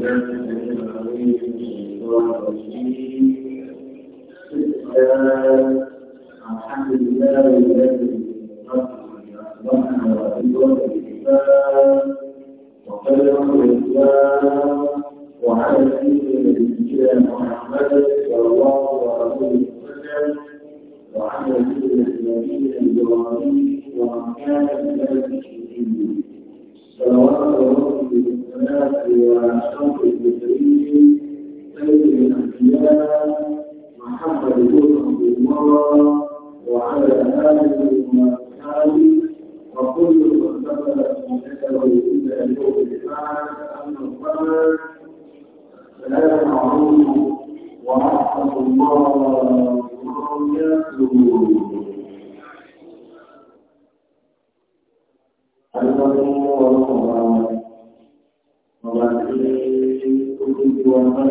صلوات الله الناس وأشرف المرسلين سيد الأنبياء محمد بن عبد الله وعلى آله وأصحابه وكل من سبب سنته إلى يوم البعث أما بعد السلام عليكم ورحمة الله وبركاته الحمد لله Gracias.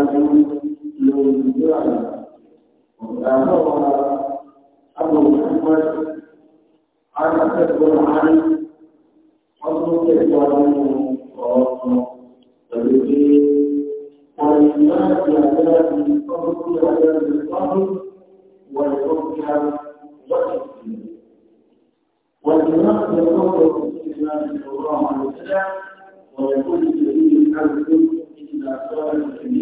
الوالد أبو محمد عن تكبر عن حضر تكبر عنه فبكي وللناس عذاب القبر عذاب القبر والركع والتكبير والإمام يقول في الإمام صلى الله عليه وسلم ويقول الجليل الحمد إلا صالح الجليل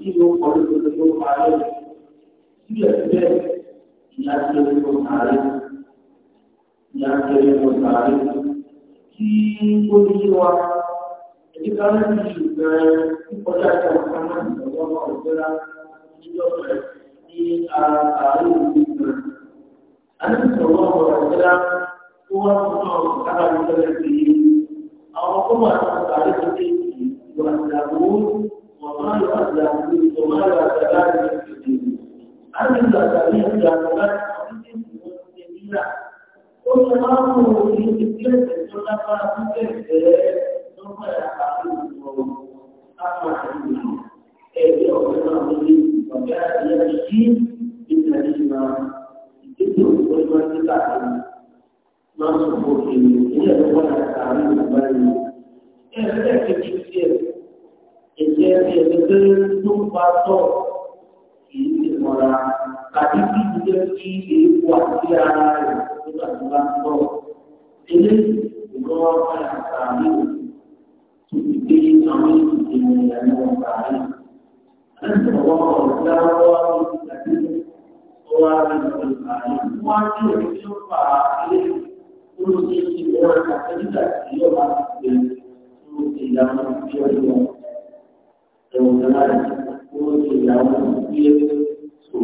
tí ó kọ́ ló tó tó parẹ́ síbẹ̀síbẹ̀ ìyá tí ó tó parẹ́ ìyá tí ó tó parẹ́ kí ó ní wa ẹni ká ló ti ṣùgbọ́n kíkọjá ìta ọ̀kan náà ìjọba ọmọ ìgbéra níjọba ní ara àárẹ̀ òbí kan. Adébísọ̀rọ̀ ọmọ ìgbéra tó wá fún ọ̀rọ̀ kára ìjọba ìgbéyé àwọn ọkọ̀ wà ní àárẹ̀ tó وما يؤذى وما يؤذى أنت سمعت عن المسلمين قل الله في كثير الخلفاء كثير ثم يحاكمهم أما حديثهم أي يوم وكان يمشي بالنجمة جد والمسجد ما صفوته هي الأولى تعليم بني إيه لكن كثير ẹ̀jẹ̀ ẹ̀jẹ̀ tó bá tọ̀ kì í ṣe mọ́ra tàbí kí ìjẹ́ kí ewu àti ara rẹ̀ nígbà tó bá tọ̀. eléyìí ló wá fẹ́ àtàrí tó fi gbé àwọn ìdílé ìyàwó àtàrí. Àti ọ̀wọ́ ọ̀gá wa ló ti dàbí ó wá rí ìwọ̀n àtàrí. Wọ́n á ní èyí tó fà á lé olùdíje ìwọ̀n àtàrí nígbà tí yóò bá ti gbé olùdíje ìyàwó àti ọ̀dọ́ ẹ̀wọ̀n náà wọ́n ti ìyàwó ilé tó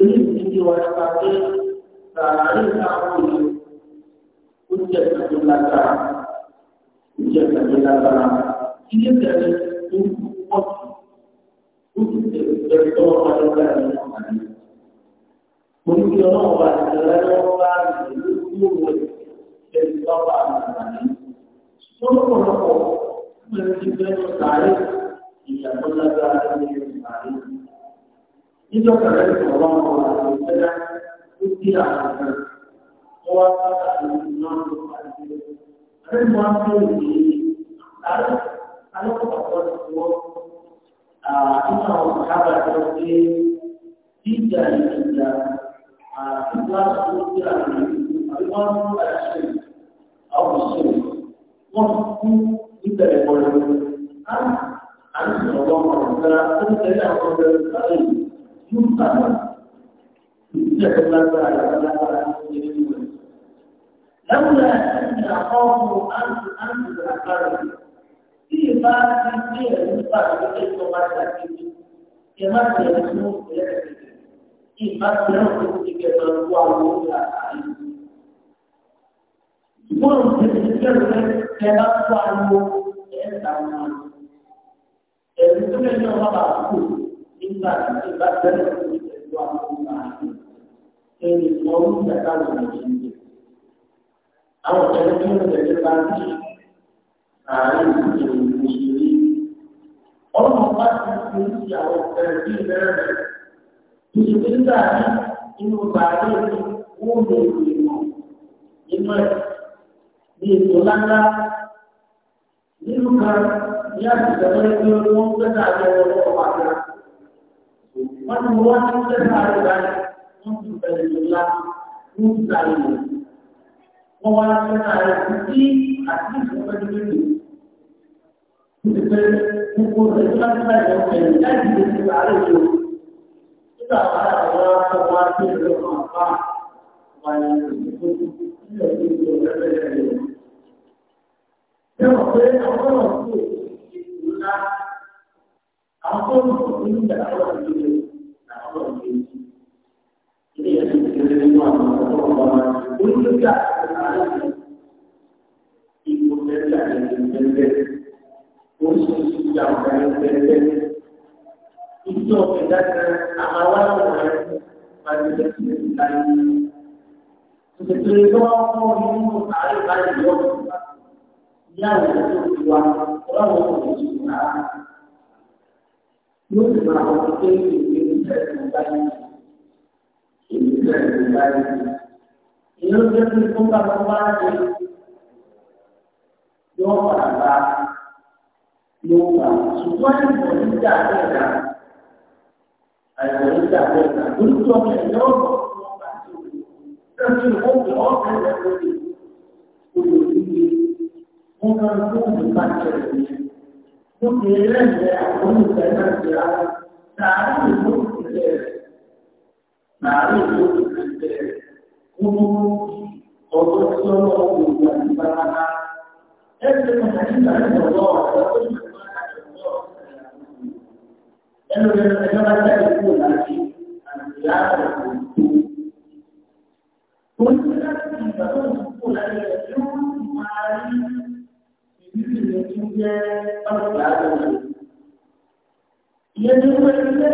ilé tí ti wọ́n ta pé sàárè táwọn yìí ó jẹ́ ìtàgé lágbára ó jẹ́ ìtàgé lágbára ilé tẹ̀lé ó pọ̀ jù ó ti tẹ̀lé tó wọ́n ìṣàkóso àti ìṣàkóso níjọ́ kẹrẹ ìṣòro ọmọ àti ìṣẹ́dá ó kí àwọn ọ̀gá tó wá sábà ní iná ló àti ẹ̀rọ máa ń bẹ̀rẹ̀ ní àárọ̀ alọ́pàá ti wọ́ nínú àwọn ọ̀gábà tó ṣe jíjà ìjìjà àti láti tó kí àwọn ìwà ń أن الله تعالى أنت لا قدر الأقل يمكن جهل لولا أن أخافوا أن أنزل قلبي في بعض الشيء يقال بكيف ما تأتي كما يكون يأتي في بعض الأمور كيف تروى الأمور يقول في الكلمة كما تروى الأمور ẹ̀rí tó lè ní ọba àdúgbò nígbà tí ìgbà tẹ́lẹ̀ tó ti tẹ̀lé wà ní ìgbà àdúgbò ẹni ọdún ìjàkà lè ní ìṣẹ̀lẹ̀. Àwọn ọ̀tẹ̀lẹ̀ tó ń tẹ̀lé bá ní àárín ní àtijọ́ tó ń gbé wọn gbẹ́sà àjọ ọwọ́ ọ̀pá àjọ. Wọ́n ti wọ́n ti gbẹ́sà àjọ báyìí, wọ́n ti bẹ̀rẹ̀ lò lá, wọ́n ti gbà lò. Wọ́n wá gbẹ́sà àjọ títí àti ìfọ̀kẹ́jú méjì. Ó ti pẹ́ gbogbo rẹ̀ tó láti láì lọ bẹ̀rẹ̀ láti lè fi àárẹ̀ lò. Nígbà wàhálà àwọn akọ̀wé wa ti rẹ̀ lọ́kàn àpá wáyé ìfọ̀kẹ́jú nílẹ̀ Ṣé wọ́n pé ńlá àwọn tó ń bọ̀ nínú ìdàgbàsókè àwọn ìdílé àwọn ìdílé ilé yẹn ti tẹ̀lé nínú àwọn ọ̀pọ̀ ọ̀pọ̀ olùdókè àti aláàbò ìgbò tẹ̀lé àti ìgbẹ́lẹ́ oríṣiríṣi ìjà ọ̀gá ìgbẹ́lẹ́ ìjọ ìdájọ́ àwọn aláwọ̀ rẹ̀ máa ń tẹ̀lé ìdájọ́ ìṣètò ìjọba fún ọmọ nínú àárẹ̀ báyìí lọ́wọ́ ìyá rẹ̀ tó ti wá ọlọ́run kò ní sùn rárá. Yóò sì máa wọ pé èmi ń fẹ́ tó báyìí. Èmi ń báyìí. Ìyẹn jẹ́ pé tó bá wọn wá ṣe yóò padà bá yóò bá. Ṣùgbọ́n ìmọ̀ nígbà bẹ́ẹ̀ náà. Àìmọ̀ nígbà bẹ́ẹ̀ náà. Olùtọ́ mi ẹ̀ lọ́wọ́ tó wọ́n bá Ṣé kí ni ó fi ọ́ bẹ̀rẹ̀ lórí? nǹkan tó ń bá ṣẹlẹ̀ yìí. Mo kì í lẹ́gbẹ̀ẹ́ àwọn olùfẹ́ náà ti ra sàárè ìlú ìpínlẹ̀ rẹ̀. Sàárè ìlú ìpínlẹ̀ rẹ̀ kún ọjọ́ tí ọlọ́wọ́ kò gbà ní bàbá. Ẹ ṣe kàkà nígbà tí ọ̀dọ́ ọ̀dọ́ tó ń bá ṣẹlẹ̀ ọ̀dọ́ ẹnu ẹjọ́ bá jáde kúrò láti àti láàrín jẹ́ ọ̀sẹ̀ àgbẹ̀wò. Ìyẹn ní wọ́n ti lé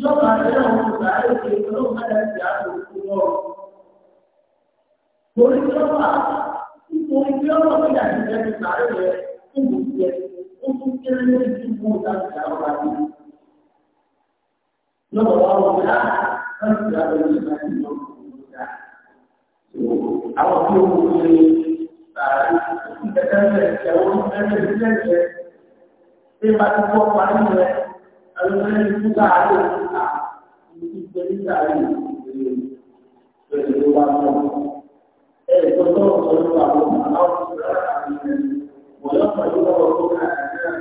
yọ̀ọ̀bà àgbẹ̀rẹ̀ àwọn ọ̀sẹ̀ àgbẹ̀wò ọlọ́run mẹ́ta ti àgbò fún wọn. Torí tí wọ́n wà nítorí tí wọ́n wọ́n fìyà ní ẹni sàárẹ̀ rẹ̀ fún gbogbo ẹ̀ ó tún kéré ní ìdúgbò láti àwọn àgbẹ̀. Lọ́wọ́ wa wọ̀ bí láti láti àgbẹ̀wò ìgbà tí wọ́n àwọn tí ó wù ú ní sàárẹ̀ bẹ́ẹ̀ ẹ̀jẹ̀ owó bẹ́ẹ̀ ìdílé ẹ̀jẹ̀ bí bá ti fọ́ parí rẹ̀ ẹlòmíràn ní fúgà àlè òkúta ní ìgbẹ́ nígbà yìí pẹ̀lú ló wá lọ. ẹ̀ tó tọ́lọ̀ tó ló wà lọ àwọn ìṣẹ̀lẹ̀ àti ìrìn wọ́n yọ pẹ̀lú ọ̀rọ̀ tó kà nàìjíríà.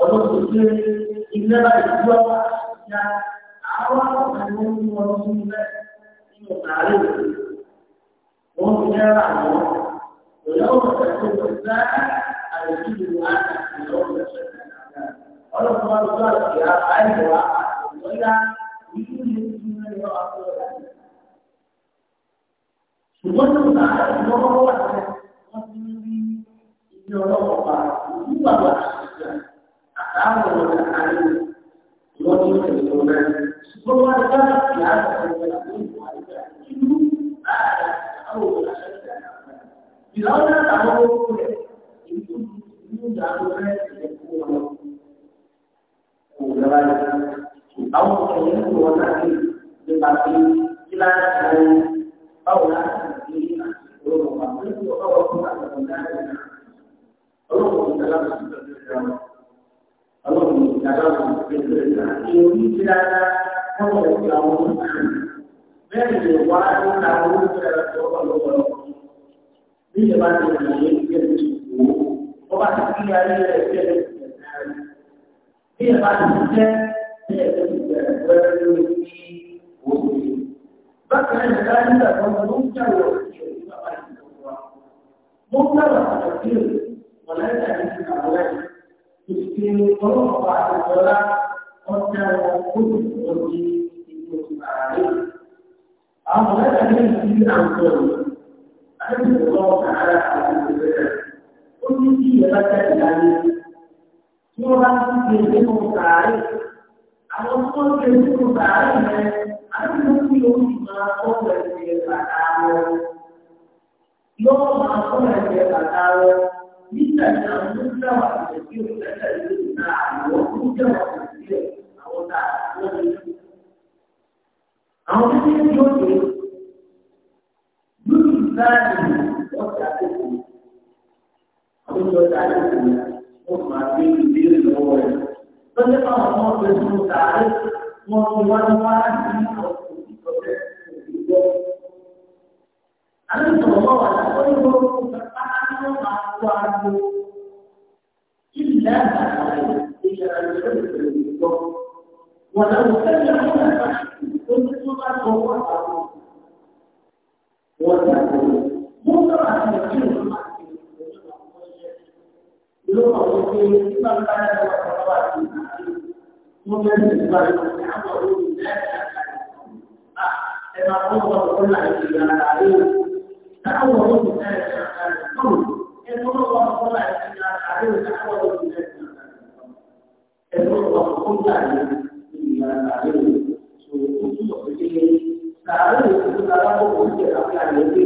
ọdún tó ṣe ilé báyìí tí wọ́n wá ya àwọn àkọ́kọ́ ni wọ́n ń wọ́n sí ilé nínú tààrí wọ́n fi náírà wọ́n Allah ya aiwa wala itu yang ya Allah. Subhanallah, Allah Masih ini Allah apa? Ini bahwa atau ada hari Lord itu kemudian semua ada ya itu ada tahu Bila tahu wọ̀ náà ní nípa pé kí láti ṣe báwo láti ṣe ní àṣìkò ọ̀pá pé kí ọ̀pá wọ̀ fún àtọ̀tọ̀ láti ṣe ọlọ́run ìdájọ́ àti ìgbésẹ̀ rẹ̀ ọlọ́run ìdájọ́ àti ìgbésẹ̀ rẹ̀ àti orí ti dáadáa káwọn òkè àwọn ọmọkùnrin bẹ́ẹ̀ ni wà á ní àwọn oúnjẹ rẹ̀ lọ́pọ̀lọpọ̀ bí ìjọba ti rìn àyè ìgbésẹ̀ ìṣòwò ọba ti kí ayé rẹ̀ ìgbésẹ̀ ìgbésẹ̀ rẹ̀ bí ìjọba ti jẹ́ Bákan náà láti ìgbàgbọ́n ló ń jáwọ́ òṣèlú bàbá ìgbàgbọ́n wa. Mo ń dáwọ̀ àjọ̀dé mọ̀lẹ́ta ní ti àwọn ẹ̀yìn. Ìṣèlú ọlọ́pàá àtọ̀lá ọjà wọn kó ìṣòro ní ìlú ààrẹ. Àwọn mọ̀lẹ́ta ní ìlú àǹtọ̀rọ̀. Adébùsọ̀ lọ́wọ́ Ó ní kí ìyẹn bá jáde Tí wọ́n bá ń ṣe ìgbésẹ̀ àwọn tó ń ṣe nínú sàárè rẹ àwọn tó ń fi omi máa kọ́ ẹ̀jẹ̀ bàtà rẹ yóò máa kọ́ ẹ̀jẹ̀ bàtà rẹ nígbà tí àwọn tó ń dáwà ṣẹ̀ sí òṣèlú ìlú náà àwọn tó ń dáwà ṣẹ̀ sí àwọn tá a wọ́n lè lù. àwọn tó ń yóò dé lórí ìsáàdì ọ̀sẹ̀ àkókò àwọn ìjọba àti ìgbìmọ̀ wọn máa gbé ìbéèrè lọ́wọ́ rẹ̀. Quando eu falo uma coisa mudada, uma coisa não maravilha, Anak Allah atau ibu bertahan waktu إلا ما إلى الحب o ولو سمعوا كنت تطلعوا وتقول do الجنة lọ́wọ́ àwọn ọmọ ilé tí máa bá yàrá wà lọ́wọ́ àti wọ́n fẹ́ sì gba ìwọ̀n àwọn olóyún lẹ́yìn àti ẹ̀ma fún ọmọ ọ̀gbọ́n láì fi ìlànà àlẹ́ òun táwọn olóyún lẹ́yìn àti ẹ̀ma fún ọmọ ọ̀gbọ́n láì fi ìlànà àlẹ́ òun táwọn olóyún lẹ́yìn ẹ̀ma fún ọmọ ọ̀gbọ́n láì fi ìlànà àlẹ́ òun tó o túnbọ̀ fi kékeré sàárẹ̀ òkú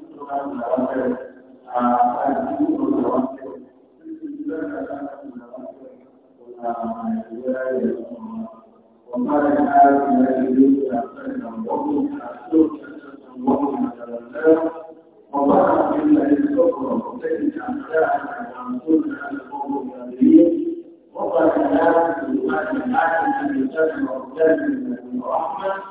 وقد كان في الوقت الحاكم ان يسلم الرجال من الرحمه